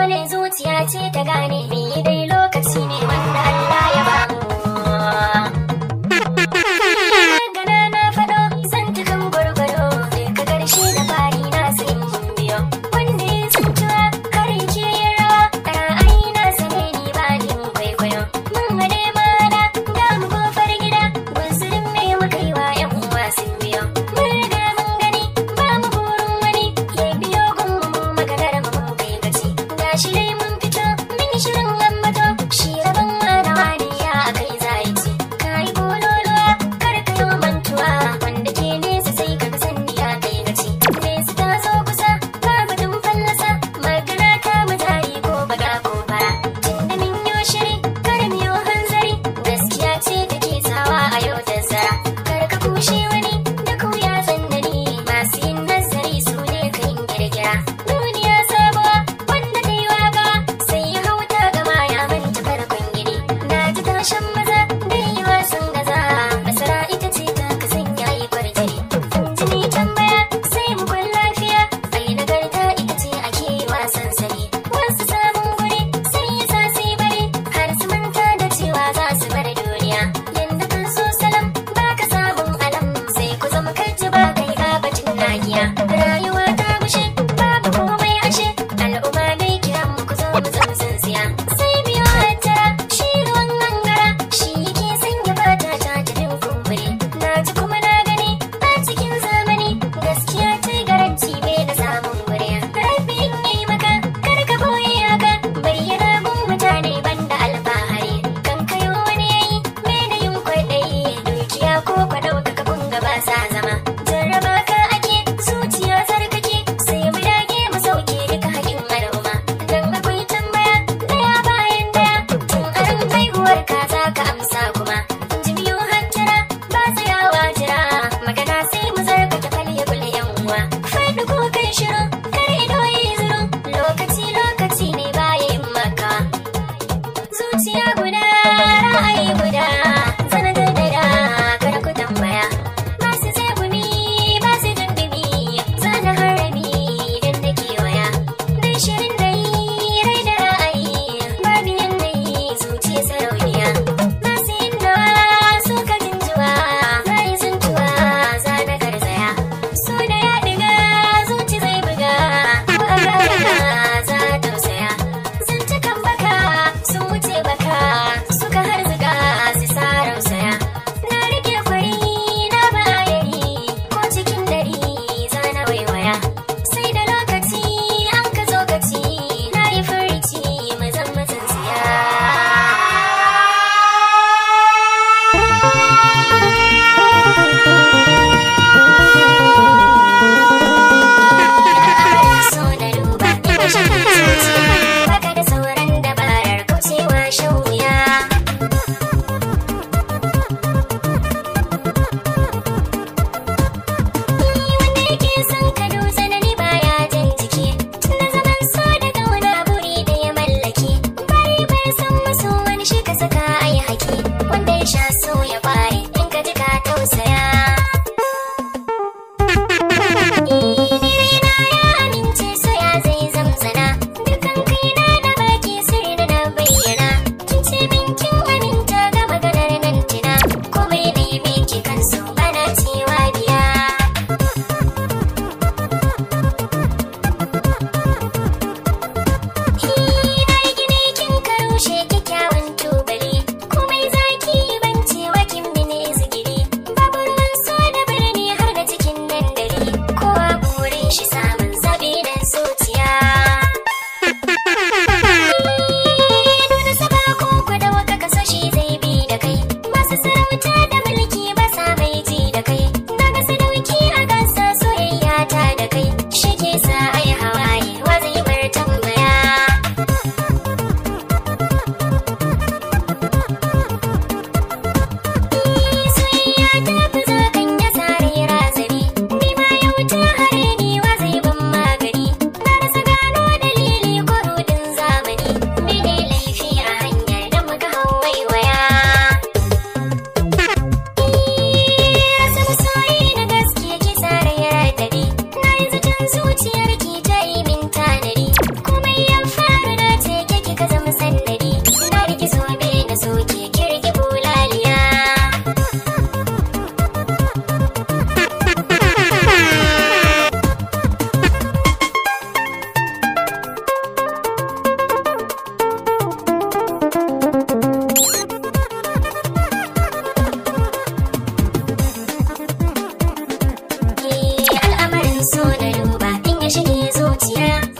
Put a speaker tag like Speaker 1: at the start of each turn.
Speaker 1: dole zuciya ce ta gane me eh, shige zuciya